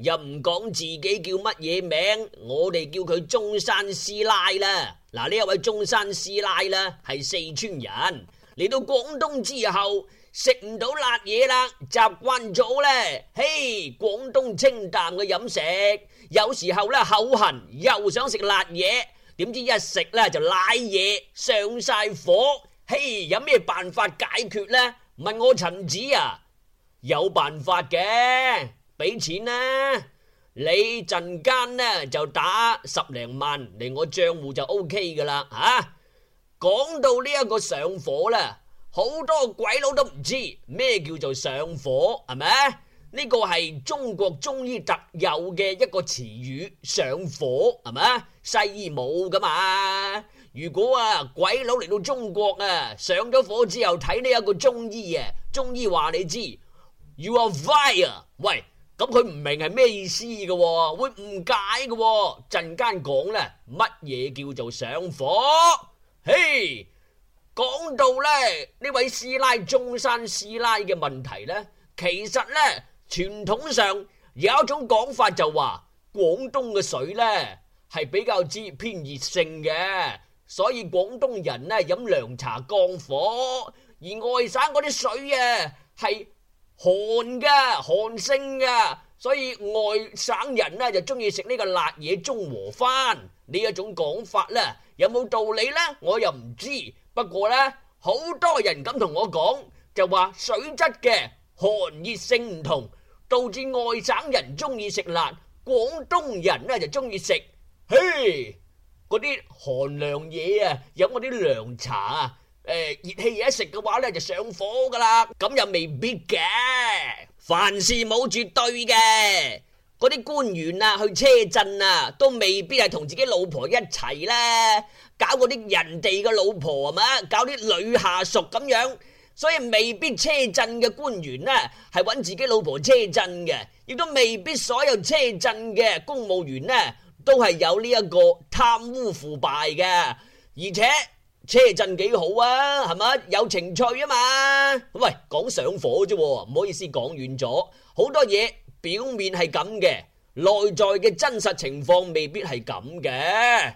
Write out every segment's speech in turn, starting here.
又唔講自己叫乜嘢名，我哋叫佢中山師奶啦。嗱，呢一位中山師奶啦，係四川人嚟到廣東之後食唔到辣嘢啦，習慣咗咧。嘿，廣東清淡嘅飲食，有時候呢口痕又想食辣嘢，點知一食呢就瀨嘢，上晒火。嘿，有咩辦法解決呢？問我陳子啊，有辦法嘅。俾錢啦、啊，你陣間呢就打十零萬嚟我賬戶就 O K 噶啦吓。講、啊、到呢一個上火啦，好多鬼佬都唔知咩叫做上火係咪？呢個係中國中醫特有嘅一個詞語，上火係咪？西醫冇噶嘛。如果啊鬼佬嚟到中國啊上咗火之後睇呢一個中醫嘅、啊，中醫話你知，you are fire，喂。咁佢唔明係咩意思嘅，會誤解嘅。陣間講呢，乜嘢叫做上火？嘿，講到呢，呢位師奶中山師奶嘅問題呢，其實呢，傳統上有一種講法就話，廣東嘅水呢係比較之偏熱性嘅，所以廣東人呢，飲涼茶降火，而外省嗰啲水啊係。寒噶，寒性噶，所以外省人呢，就中意食呢個辣嘢中和翻。呢一種講法呢，有冇道理呢？我又唔知。不過呢，好多人咁同我講，就話水質嘅寒熱性唔同，導致外省人中意食辣，廣東人呢，就中意食，嘿，嗰啲寒涼嘢啊，飲嗰啲涼茶啊。誒熱氣嘢一食嘅話呢，就上火噶啦，咁又未必嘅。凡事冇絕對嘅，嗰啲官員啊，去車震啊，都未必係同自己老婆一齊啦，搞嗰啲人哋嘅老婆啊嘛，搞啲女下屬咁樣，所以未必車震嘅官員呢係揾自己老婆車震嘅，亦都未必所有車震嘅公務員呢都係有呢一個貪污腐敗嘅，而且。車震幾好啊？係咪有情趣啊嘛？喂，講上火啫喎，唔好意思講遠咗。好多嘢表面係咁嘅，內在嘅真實情況未必係咁嘅。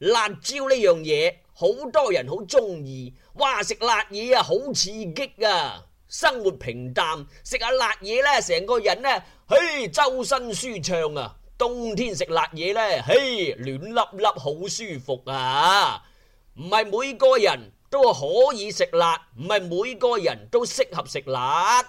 辣椒呢樣嘢，好多人好鍾意。哇，食辣嘢啊，好刺激啊！生活平淡，食下辣嘢呢，成個人呢，嘿，周身舒暢啊！冬天食辣嘢呢，嘿，暖粒粒，好舒服啊！唔係每個人都可以食辣，唔係每個人都適合食辣。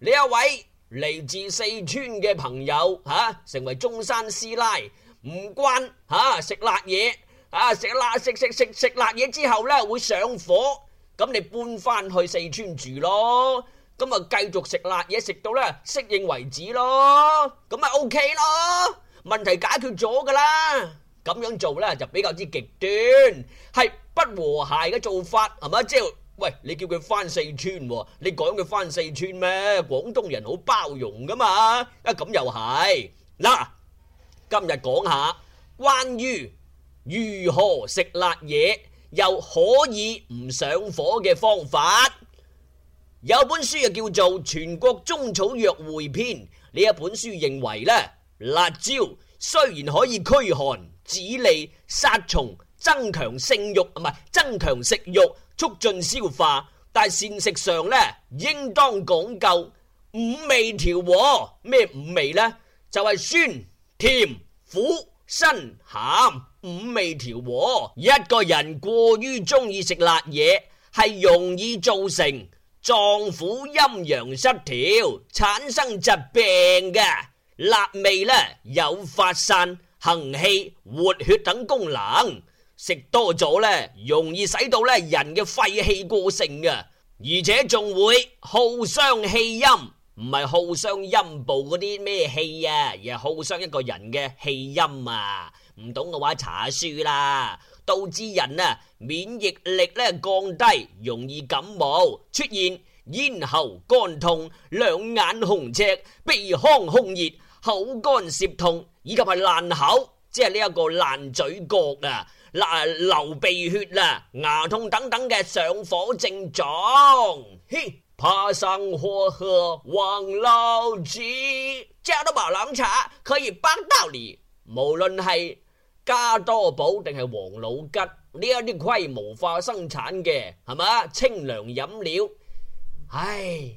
呢一位嚟自四川嘅朋友嚇、啊，成為中山師奶，唔慣嚇食辣嘢，啊食辣食食食食辣嘢之後咧會上火，咁你搬翻去四川住咯，咁啊繼續食辣嘢食到咧適應為止咯，咁咪 OK 咯，問題解決咗噶啦。咁樣做呢就比較之極端，係不和諧嘅做法，係嘛？即係喂，你叫佢翻四川，你講佢翻四川咩？廣東人好包容噶嘛？啊咁又係。嗱，今日講下關於如何食辣嘢又可以唔上火嘅方法。有本書啊叫做《全國中草藥匯編》呢一本書認為呢，辣椒雖然可以驅寒。止痢、殺蟲、增強性慾，唔係增強食慾，促進消化。但係膳食上呢，應當講究五味調和。咩五味呢？就係酸、甜、苦、辛、鹹五味調和。一個人過於中意食辣嘢，係容易造成臟腑陰陽失調，產生疾病嘅。辣味呢，有發散。行氣、活血等功能，食多咗呢，容易使到呢人嘅肺氣過盛嘅，而且仲會耗傷氣陰，唔係耗傷陰部嗰啲咩氣啊，而係耗傷一個人嘅氣陰啊。唔懂嘅話查書啦，導致人啊免疫力呢降低，容易感冒，出現咽喉乾痛、兩眼紅赤、鼻腔紅熱。口乾舌痛以及係爛口，即係呢一個爛嘴角啊，流鼻血啊，牙痛等等嘅上火症狀。嘿，怕上火喝王老吉，加多寶涼茶可以幫到你。無論係加多寶定係王老吉呢一啲規模化生產嘅，係嘛，清涼飲料。唉，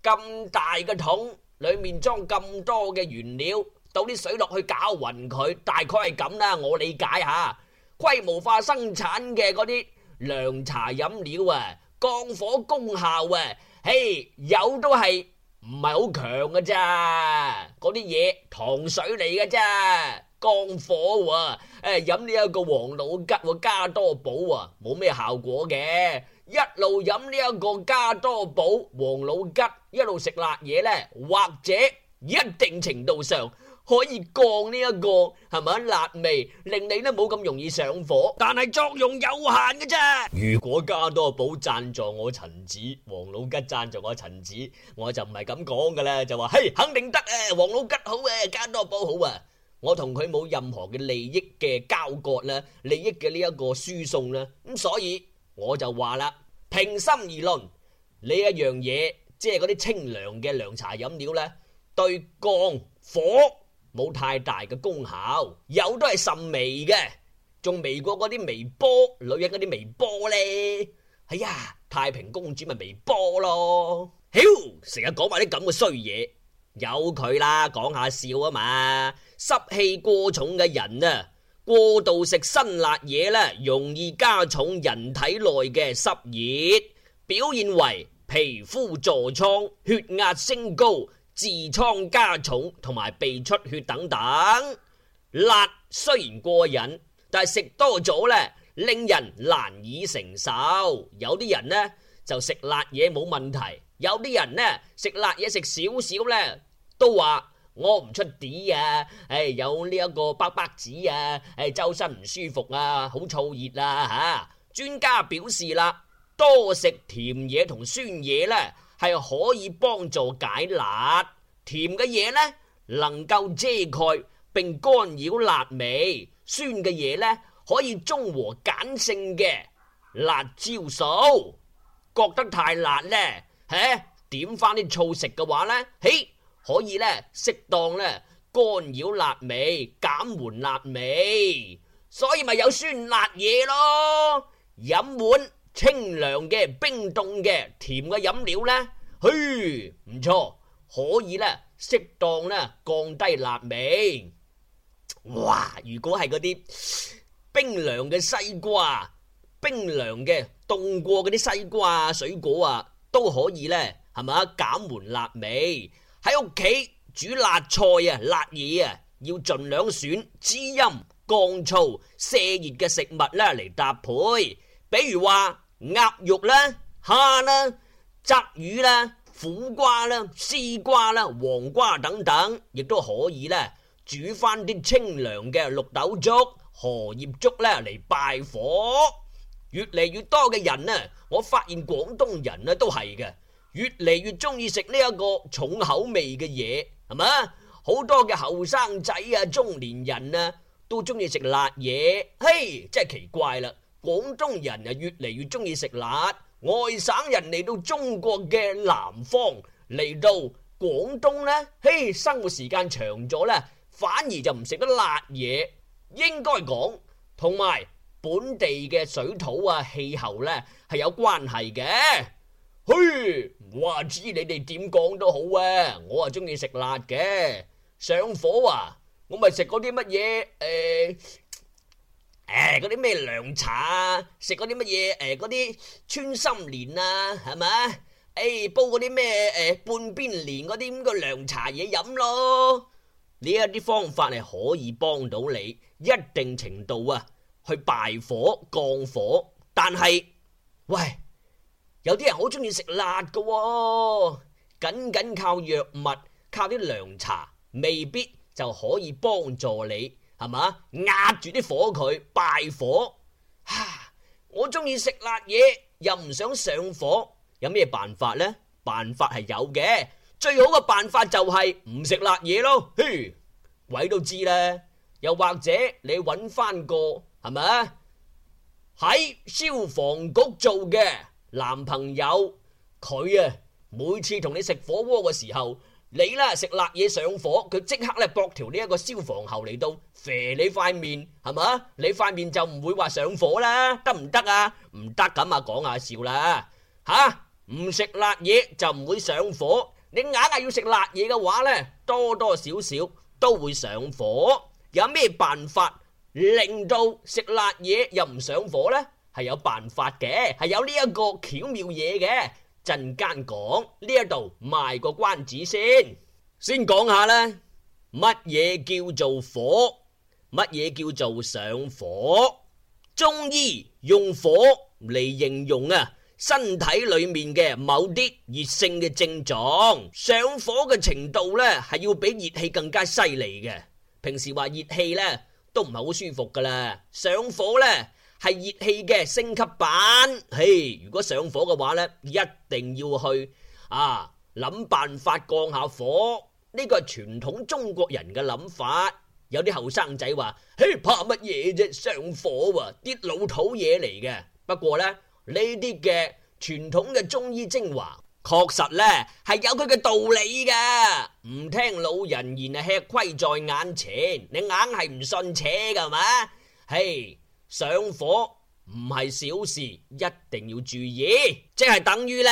咁大嘅桶。裏面裝咁多嘅原料，倒啲水落去攪匀佢，大概係咁啦。我理解吓，規模化生產嘅嗰啲涼茶飲料啊，降火功效啊，嘿，有都係唔係好強㗎咋？嗰啲嘢糖水嚟㗎咋？降火喎，誒，飲呢一個王老吉加多寶啊，冇咩效果嘅。一路飲呢一個加多寶、王老吉，一路食辣嘢呢，或者一定程度上可以降呢、這、一個係咪辣味，令你呢冇咁容易上火。但係作用有限嘅啫。如果加多寶贊助我陳子，王老吉贊助我陳子，我就唔係咁講噶啦，就話嘿，肯定得啊，王老吉好啊，加多寶好啊，我同佢冇任何嘅利益嘅交割啦，利益嘅呢一個輸送啦，咁所以。我就話啦，平心而論，呢一樣嘢即係嗰啲清涼嘅涼茶飲料呢，對降火冇太大嘅功效，有都係甚微嘅，仲微過嗰啲微波女人嗰啲微波呢。哎呀，太平公主咪微波咯，成日講埋啲咁嘅衰嘢，有佢啦，講下笑啊嘛，濕氣過重嘅人啊。過度食辛辣嘢呢，容易加重人體內嘅濕熱，表現為皮膚痤瘡、血壓升高、痔瘡加重同埋鼻出血等等。辣雖然過癮，但係食多咗呢，令人難以承受。有啲人呢就食辣嘢冇問題，有啲人呢食辣嘢食少少呢，都話。屙唔出屎啊！誒、哎、有呢一個百百子啊！誒、哎、周身唔舒服啊，好燥熱啦、啊、嚇、啊！專家表示啦，多食甜嘢同酸嘢呢係可以幫助解辣。甜嘅嘢呢能夠遮蓋並干擾辣味，酸嘅嘢呢可以中和鹼性嘅辣椒素。覺得太辣呢，嚇、哎、點翻啲醋食嘅話呢？嘿～可以咧，適當咧干擾辣味，減緩辣味，所以咪有酸辣嘢咯。飲碗清涼嘅冰凍嘅甜嘅飲料呢，嘘唔錯，可以咧適當咧降低辣味。哇！如果係嗰啲冰涼嘅西瓜，冰涼嘅凍過嗰啲西瓜啊水果啊都可以呢，係咪啊，減緩辣味。喺屋企煮辣菜啊，辣嘢啊，要盡量選滋陰、降燥、瀉熱嘅食物咧嚟搭配，比如話鴨肉啦、蝦啦、鯽魚啦、苦瓜啦、絲瓜啦、黃瓜等等，亦都可以咧煮翻啲清涼嘅綠豆粥、荷葉粥咧嚟敗火。越嚟越多嘅人啊，我發現廣東人啊都係嘅。越嚟越中意食呢一個重口味嘅嘢，係嘛？好多嘅後生仔啊、中年人啊，都中意食辣嘢。嘿，真係奇怪啦！廣東人啊越嚟越中意食辣，外省人嚟到中國嘅南方，嚟到廣東呢，嘿，生活時間長咗呢，反而就唔食得辣嘢。應該講同埋本地嘅水土啊、氣候呢係有關係嘅。嘿，話知你哋點講都好啊，我啊中意食辣嘅，上火啊，我咪食嗰啲乜嘢，誒誒，嗰啲咩涼茶、欸、啊，食嗰啲乜嘢，誒嗰啲穿心蓮啊，係咪？誒煲嗰啲咩，誒半邊蓮嗰啲咁嘅涼茶嘢飲咯，呢一啲方法係可以幫到你一定程度啊，去敗火降火，但係喂。有啲人好中意食辣噶喎，僅僅靠藥物，靠啲涼茶未必就可以幫助你，係嘛？壓住啲火佢敗火。吓，我中意食辣嘢，又唔想上火，有咩辦法呢？辦法係有嘅，最好嘅辦法就係唔食辣嘢咯。嘿，鬼都知啦。又或者你揾翻個係咪喺消防局做嘅？男朋友佢啊，每次同你食火鍋嘅時候，你咧食辣嘢，上火，佢即刻咧駁條呢一個消防喉嚟到肥你塊面，係嘛？你塊面就唔會話上火啦，得唔得啊？唔得咁啊，講下笑啦吓！唔食辣嘢就唔會上火，你硬係要食辣嘢嘅話咧，多多少少都會上火。有咩辦法令到食辣嘢又唔上火咧？係有辦法嘅，係有呢一個巧妙嘢嘅。陣間講呢一度賣個關子先，先講下啦。乜嘢叫做火？乜嘢叫做上火？中醫用火嚟形容啊，身體裏面嘅某啲熱性嘅症狀。上火嘅程度呢，係要比熱氣更加犀利嘅。平時話熱氣呢，都唔係好舒服噶啦，上火呢。係熱氣嘅升級版，嘿！如果上火嘅話咧，一定要去啊諗辦法降下火。呢個係傳統中國人嘅諗法。有啲後生仔話：嘿，怕乜嘢啫？上火喎，啲老土嘢嚟嘅。不過呢，呢啲嘅傳統嘅中醫精華，確實呢係有佢嘅道理噶。唔聽老人言啊，吃虧在眼前。你硬係唔信邪噶嘛？嘿！上火唔係小事，一定要注意，即係等於呢，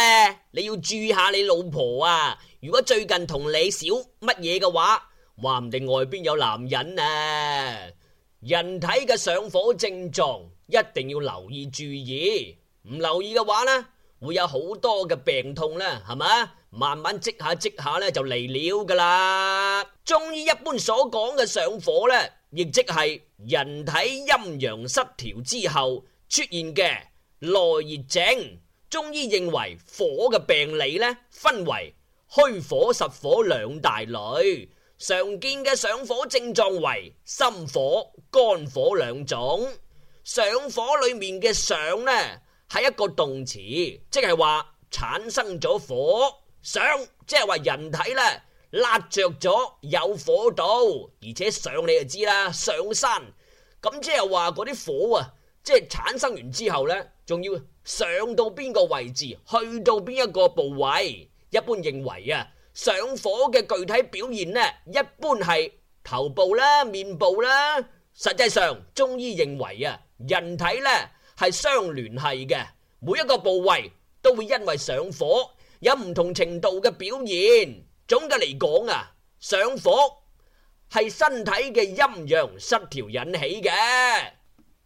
你要注意下你老婆啊。如果最近同你少乜嘢嘅話，話唔定外邊有男人啊。人體嘅上火症狀一定要留意注意，唔留意嘅話呢，會有好多嘅病痛啦，係咪？慢慢積下積下呢，就嚟了噶啦。中醫一般所講嘅上火呢。亦即係人體陰陽失調之後出現嘅內熱症。中醫認為火嘅病理呢，分為虛火實火兩大類。常見嘅上火症狀為心火肝火兩種。上火裏面嘅上呢，係一個動詞，即係話產生咗火上，即係話人體呢。辣着咗有火到，而且上你就知啦。上山咁即係話嗰啲火啊，即係產生完之後呢，仲要上到邊個位置，去到邊一個部位。一般認為啊，上火嘅具體表現呢，一般係頭部啦、面部啦。實際上中醫認為啊，人體呢係相聯繫嘅，每一個部位都會因為上火有唔同程度嘅表現。總嘅嚟講啊，上火係身體嘅陰陽失調引起嘅，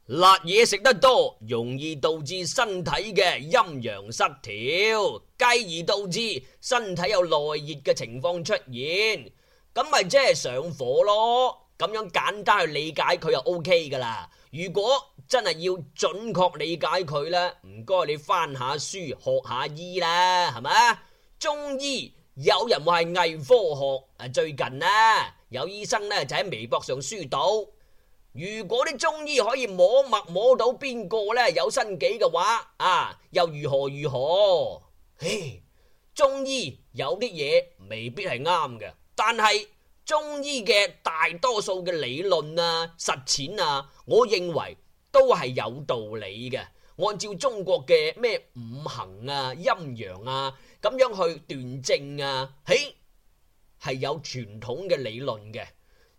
辣嘢食得多，容易導致身體嘅陰陽失調，繼而導致身體有內熱嘅情況出現，咁咪即係上火咯。咁樣簡單去理解佢就 OK 噶啦。如果真係要準確理解佢呢，唔該你翻下書學下醫啦，係咪啊？中醫。有人話係偽科學啊！最近呢、啊，有醫生呢就喺微博上輸到，如果啲中醫可以摸脈摸到邊個呢有身紀嘅話，啊又如何如何？嘿，中醫有啲嘢未必係啱嘅，但係中醫嘅大多數嘅理論啊、實踐啊，我認為都係有道理嘅。按照中國嘅咩五行啊、陰陽啊咁樣去斷症啊，係係有傳統嘅理論嘅。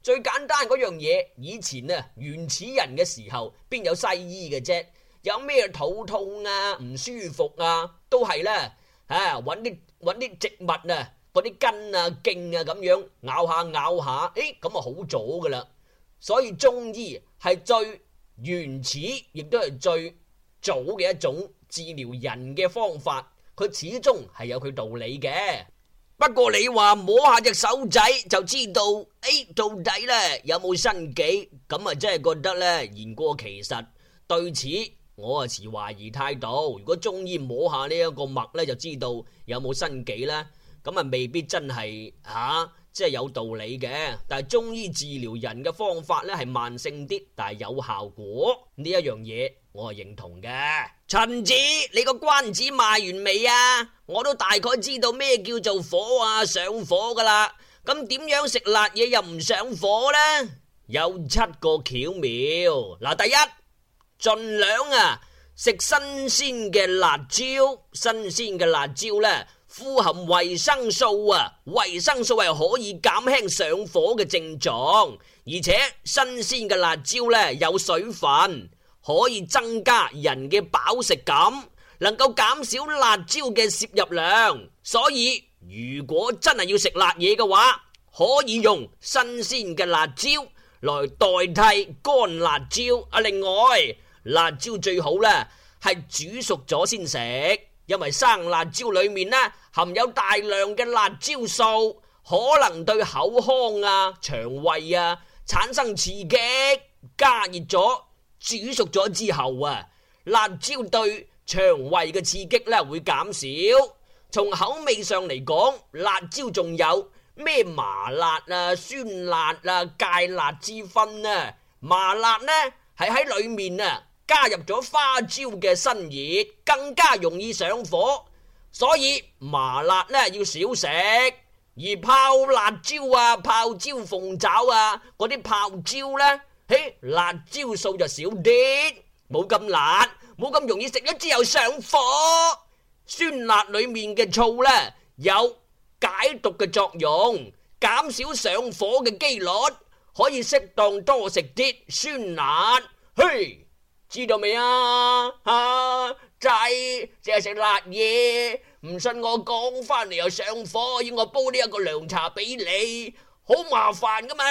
最簡單嗰樣嘢，以前啊，原始人嘅時候邊有西醫嘅啫？有咩肚痛啊、唔舒服啊，都係啦。啊揾啲揾啲植物啊，嗰啲根啊、莖啊咁樣咬下咬下，誒咁啊好咗噶啦。所以中醫係最原始，亦都係最早嘅一種治療人嘅方法，佢始終係有佢道理嘅。不過你話摸下隻手仔就知道，誒、欸，到底呢？有冇新幾？咁啊，真係覺得呢？言過其實。對此，我啊持懷疑態度。如果中醫摸下呢一個脈呢，就知道有冇新幾咧，咁啊，未必真係吓。啊即係有道理嘅，但係中醫治療人嘅方法呢係慢性啲，但係有效果。呢一樣嘢我係認同嘅。陳子，你個關子賣完未啊？我都大概知道咩叫做火啊，上火噶啦。咁點樣食辣嘢又唔上火呢？有七個巧妙。嗱，第一，盡量啊食新鮮嘅辣椒，新鮮嘅辣椒呢。富含維生素啊，維生素係可以減輕上火嘅症狀，而且新鮮嘅辣椒呢，有水分，可以增加人嘅飽食感，能夠減少辣椒嘅攝入量。所以如果真係要食辣嘢嘅話，可以用新鮮嘅辣椒來代替乾辣椒。啊，另外辣椒最好呢係煮熟咗先食。因為生辣椒裏面咧含有大量嘅辣椒素，可能對口腔啊、腸胃啊產生刺激。加熱咗、煮熟咗之後啊，辣椒對腸胃嘅刺激咧會減少。從口味上嚟講，辣椒仲有咩麻辣啊、酸辣啊、芥辣之分呢、啊？麻辣呢係喺裏面啊。加入咗花椒嘅辛熱，更加容易上火，所以麻辣呢要少食。而泡辣椒啊、泡椒鳳爪啊嗰啲泡椒呢，嘿，辣椒素就少啲，冇咁辣，冇咁容易食咗之後上火。酸辣裏面嘅醋呢，有解毒嘅作用，減少上火嘅機率，可以適當多食啲酸辣，嘿。知道未啊？啊，仔淨係食辣嘢，唔信我講翻嚟又上火，要我煲呢一個涼茶俾你，好麻煩噶嘛？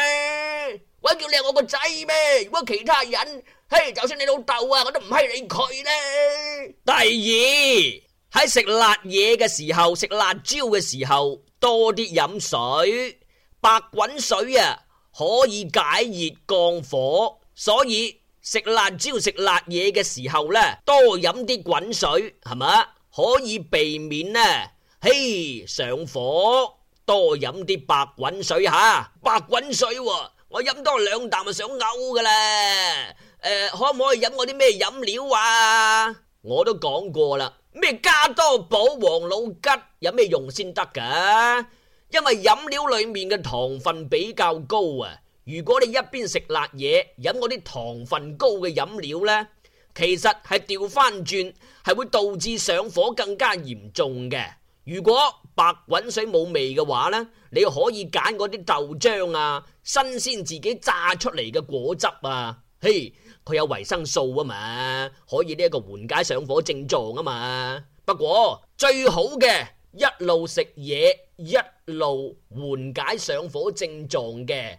鬼叫你係我個仔咩？如果其他人，嘿，就算你老豆啊，我都唔閪理佢咧。第二，喺食辣嘢嘅時候，食辣椒嘅時候，多啲飲水，白滾水啊，可以解熱降火，所以。食辣椒食辣嘢嘅時候呢，多飲啲滾水係嘛，可以避免呢、啊。嘿，上火，多飲啲白滾水吓，白滾水、啊、我飲多兩啖就想嘔噶啦。誒，可唔可以飲我啲咩飲料啊？我都講過啦，咩加多寶、王老吉有咩用先得噶？因為飲料裏面嘅糖分比較高啊。如果你一邊食辣嘢，飲嗰啲糖分高嘅飲料呢，其實係掉返轉，係會導致上火更加嚴重嘅。如果白滾水冇味嘅話呢，你可以揀嗰啲豆漿啊、新鮮自己榨出嚟嘅果汁啊。嘿，佢有維生素啊嘛，可以呢一個緩解上火症狀啊嘛。不過最好嘅一路食嘢一路緩解上火症狀嘅。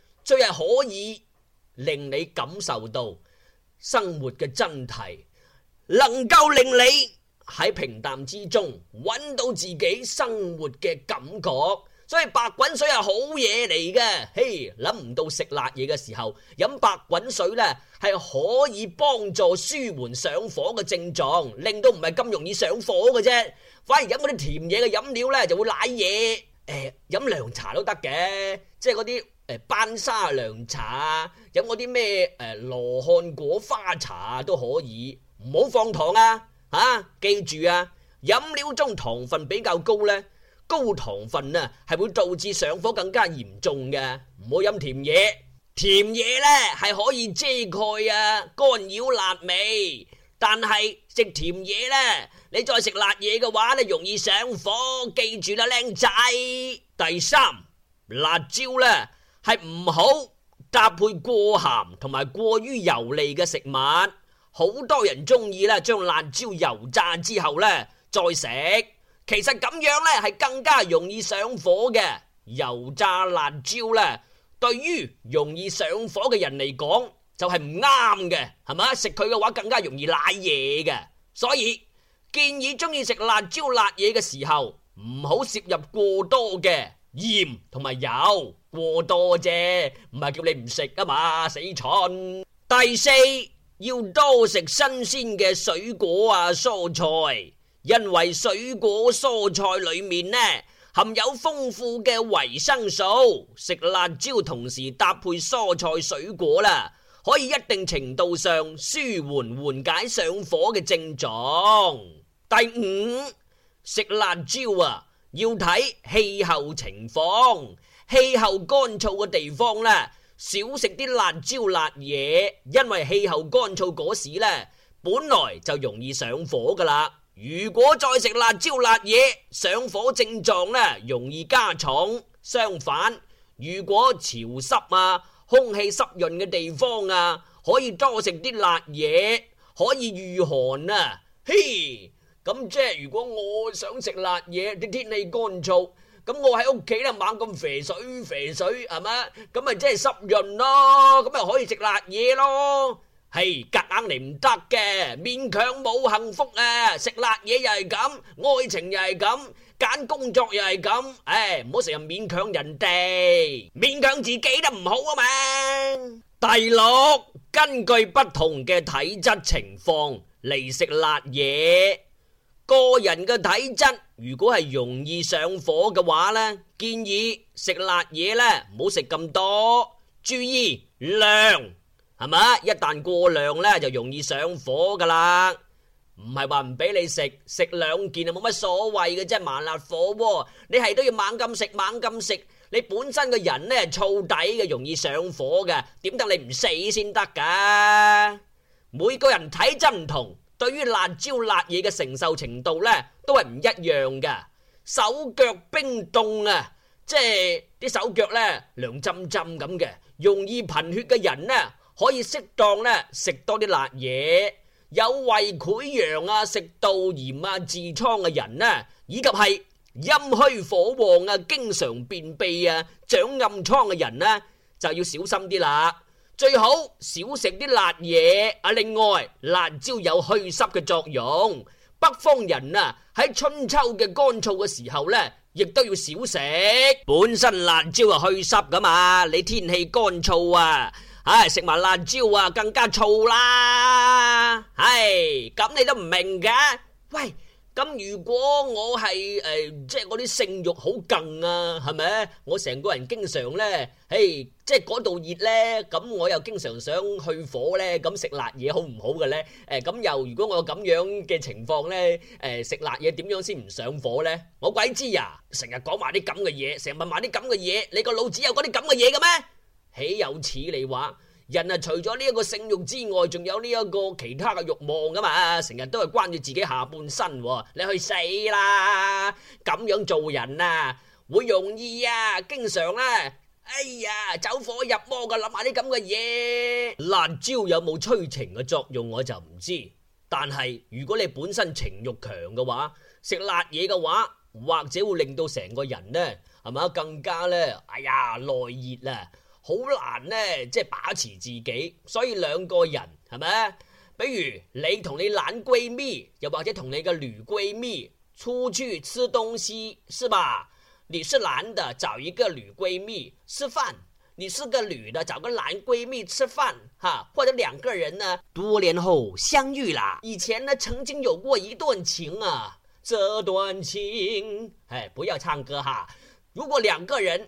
最係可以令你感受到生活嘅真諦，能夠令你喺平淡之中揾到自己生活嘅感覺，所以白滾水係好嘢嚟嘅。嘿，諗唔到食辣嘢嘅時候飲白滾水呢，係可以幫助舒緩上火嘅症狀，令到唔係咁容易上火嘅啫。反而飲嗰啲甜嘢嘅飲料呢，就會奶嘢。誒，飲涼茶都得嘅，即係嗰啲。班沙涼茶啊，飲嗰啲咩，誒，羅漢果花茶都可以，唔好放糖啊！吓、啊，記住啊，飲料中糖分比較高呢，高糖分啊係會導致上火更加嚴重嘅，唔好飲甜嘢。甜嘢呢係可以遮蓋啊干擾辣味，但係食甜嘢呢，你再食辣嘢嘅話呢，容易上火。記住啦，靚仔，第三辣椒呢。係唔好搭配過鹹同埋過於油膩嘅食物。好多人中意咧，將辣椒油炸之後咧再食，其實咁樣咧，係更加容易上火嘅。油炸辣椒咧，對於容易上火嘅人嚟講就係唔啱嘅，係咪？食佢嘅話更加容易瀨嘢嘅。所以建議中意食辣椒辣嘢嘅時候，唔好攝入過多嘅鹽同埋油。過多啫，唔係叫你唔食啊嘛，死蠢。第四，要多食新鮮嘅水果啊，蔬菜，因為水果蔬菜裏面呢含有豐富嘅維生素。食辣椒同時搭配蔬菜水果啦，可以一定程度上舒緩緩解上火嘅症狀。第五，食辣椒啊，要睇氣候情況。氣候乾燥嘅地方呢，少食啲辣椒辣嘢，因為氣候乾燥嗰時呢，本來就容易上火噶啦。如果再食辣椒辣嘢，上火症狀呢，容易加重。相反，如果潮濕啊、空氣濕潤嘅地方啊，可以多食啲辣嘢，可以御寒啊。嘿，咁即係如果我想食辣嘢，啲天氣乾燥。咁我喺屋企咧猛咁肥水肥水係咪？咁咪即係濕潤咯，咁咪可以食辣嘢咯。係夾硬嚟唔得嘅，勉強冇幸福啊！食辣嘢又係咁，愛情又係咁，揀工作又係咁。唉，唔好成日勉強人哋，勉強自己都唔好啊嘛。第六，根據不同嘅體質情況嚟食辣嘢，個人嘅體質。如果係容易上火嘅話咧，建議食辣嘢咧，唔好食咁多，注意量係咪？一旦過量呢，就容易上火噶啦。唔係話唔俾你食，食兩件啊，冇乜所謂嘅啫。麻辣火鍋，啊，你係都要猛咁食，猛咁食。你本身個人呢係燥底嘅，容易上火嘅，點得你唔死先得噶？每個人體質唔同。對於辣椒辣嘢嘅承受程度呢，都係唔一樣嘅。手腳冰凍啊，即係啲手腳呢涼浸浸咁嘅。容易貧血嘅人呢，可以適當呢食多啲辣嘢。有胃潰瘍啊、食道炎啊、痔瘡嘅人呢，啊，以及係陰虛火旺啊、經常便秘啊、長暗瘡嘅人呢，啊，就要小心啲啦。最好少食啲辣嘢啊！另外，辣椒有祛濕嘅作用。北方人啊，喺春秋嘅乾燥嘅時候呢，亦都要少食。本身辣椒啊，祛濕噶嘛，你天氣乾燥啊，唉食埋辣椒啊，更加燥啦。唉、哎，咁，你都唔明嘅？喂！咁如果我係誒、呃，即係我啲性欲好勁啊，係咪？我成個人經常呢，誒，即係嗰度熱呢，咁我又經常想去火呢。咁食辣嘢，好唔好嘅呢？誒、呃，咁又如果我有咁樣嘅情況呢，誒、呃，食辣嘢點樣先唔上火呢？我鬼知呀、啊，成日講埋啲咁嘅嘢，成日問埋啲咁嘅嘢，你個腦子有嗰啲咁嘅嘢嘅咩？豈有此理話？人啊，除咗呢一個性欲之外，仲有呢一個其他嘅欲望噶嘛？成日都係關注自己下半身，你去死啦！咁樣做人啊，會容易啊，經常啊。哎呀，走火入魔噶，諗下啲咁嘅嘢。辣椒有冇催情嘅作用，我就唔知。但係如果你本身情欲強嘅話，食辣嘢嘅話，或者會令到成個人呢，係咪更加呢，哎呀，內熱喇！好難呢，即係把持自己，所以兩個人係咪？比如你同你男閨蜜，又或者同你嘅女閨蜜出去吃東西，是吧？你是男的，找一個女閨蜜吃飯；你是個女的，找個男閨蜜吃飯，哈！或者兩個人呢，多年後相遇啦，以前呢曾經有過一段情啊，這段情，哎，不要唱歌哈！如果兩個人。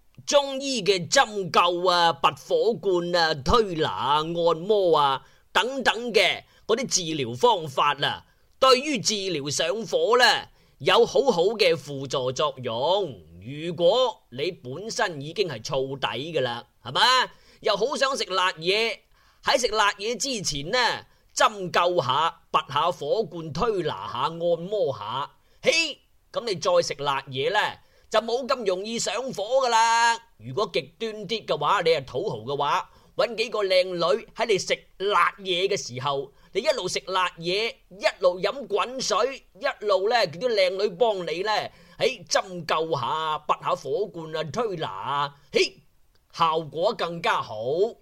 中醫嘅針灸啊、拔火罐啊、推拿啊、按摩啊等等嘅嗰啲治療方法啊，對於治療上火呢，有好好嘅輔助作用。如果你本身已經係燥底㗎喇，係咪，又好想食辣嘢，喺食辣嘢之前呢，針灸下、拔下火罐、推拿下、按摩下，嘿，咁你再食辣嘢呢。就冇咁容易上火噶啦。如果極端啲嘅話，你係土豪嘅話，揾幾個靚女喺你食辣嘢嘅時候，你一路食辣嘢，一路飲滾水，一路呢叫啲靚女幫你呢，喺針灸下、拔下火罐啊、推拿啊，嘿，效果更加好。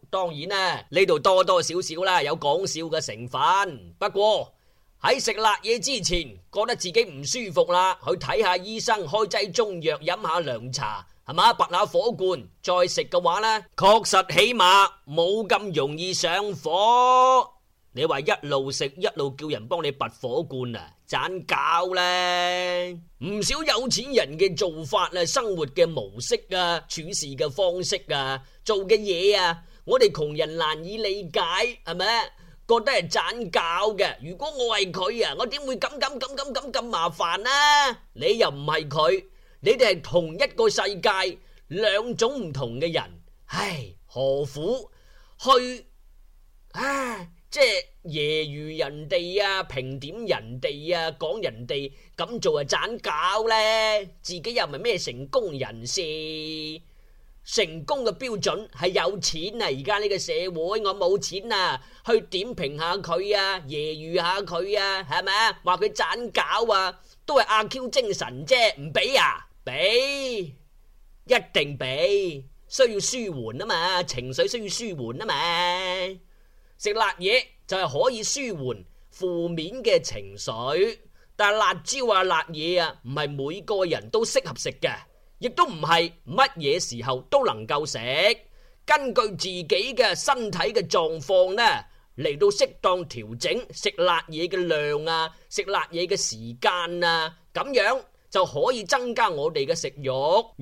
當然咧，呢度多多少少啦，有講笑嘅成分。不過，喺食辣嘢之前，覺得自己唔舒服啦，去睇下醫生，開劑中藥，飲下涼茶，係嘛，拔下火罐，再食嘅話呢，確實起碼冇咁容易上火。你話一路食一路叫人幫你拔火罐啊，盞搞咧，唔少有錢人嘅做法啊，生活嘅模式啊，處事嘅方式啊，做嘅嘢啊，我哋窮人難以理解，係咪？覺得係盞搞嘅，如果我係佢啊，我點會咁咁咁咁咁咁麻煩呢、啊？你又唔係佢，你哋係同一個世界，兩種唔同嘅人，唉，何苦去唉？即係揶揄人哋啊，評點人哋啊，講人哋咁做係盞搞呢。自己又唔係咩成功人士。成功嘅標準係有錢啊！而家呢個社會，我冇錢啊，去點評下佢啊，揶揄下佢啊，係咪啊？話佢盞搞啊，都係阿 Q 精神啫，唔俾啊，俾，一定俾，需要舒緩啊嘛，情緒需要舒緩啊嘛，食辣嘢就係可以舒緩負面嘅情緒，但係辣椒啊、辣嘢啊，唔係每個人都適合食嘅。亦都唔係乜嘢時候都能夠食，根據自己嘅身體嘅狀況呢，嚟到適當調整食辣嘢嘅量啊，食辣嘢嘅時間啊，咁樣就可以增加我哋嘅食欲，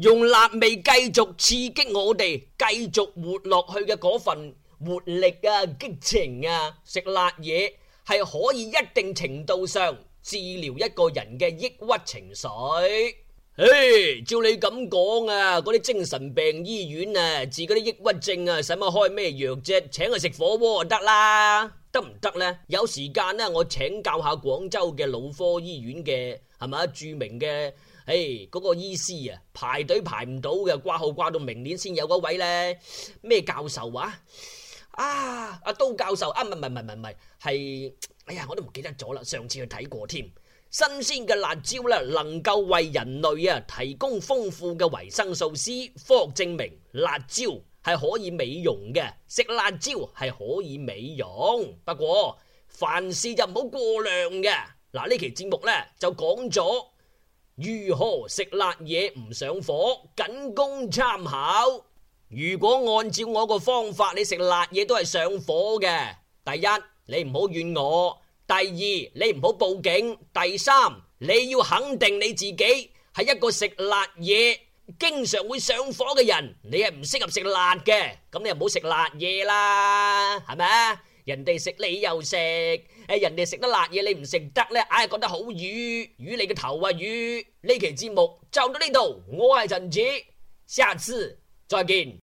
用辣味繼續刺激我哋繼續活落去嘅嗰份活力啊、激情啊。食辣嘢係可以一定程度上治療一個人嘅抑鬱情緒。誒，hey, 照你咁講啊，嗰啲精神病醫院啊，治嗰啲抑鬱症啊，使乜開咩藥啫？請佢食火鍋就得啦，得唔得咧？有時間咧，我請教下廣州嘅腦科醫院嘅係咪著名嘅誒嗰個醫師啊，排隊排唔到嘅，掛號掛到明年先有嗰位咧，咩教授啊？啊，阿都教授？啊唔唔唔唔唔係，哎呀，我都唔記得咗啦，上次去睇過添。新鮮嘅辣椒咧，能夠為人類啊提供豐富嘅維生素 C。科學證明辣椒係可以美容嘅，食辣椒係可以美容。不過凡事就唔好過量嘅。嗱，呢期節目呢，就講咗如何食辣嘢唔上火，僅供參考。如果按照我個方法，你食辣嘢都係上火嘅。第一，你唔好怨我。第二，你唔好報警。第三，你要肯定你自己係一個食辣嘢，經常會上火嘅人。你係唔適合食辣嘅，咁你，你又唔好食辣嘢啦，係咪？人哋食你又食，誒，人哋食得辣嘢你唔食得呢，唉，覺得好瘀瘀你嘅頭啊瘀。呢期節目就到呢度，我係陳子，下次再見。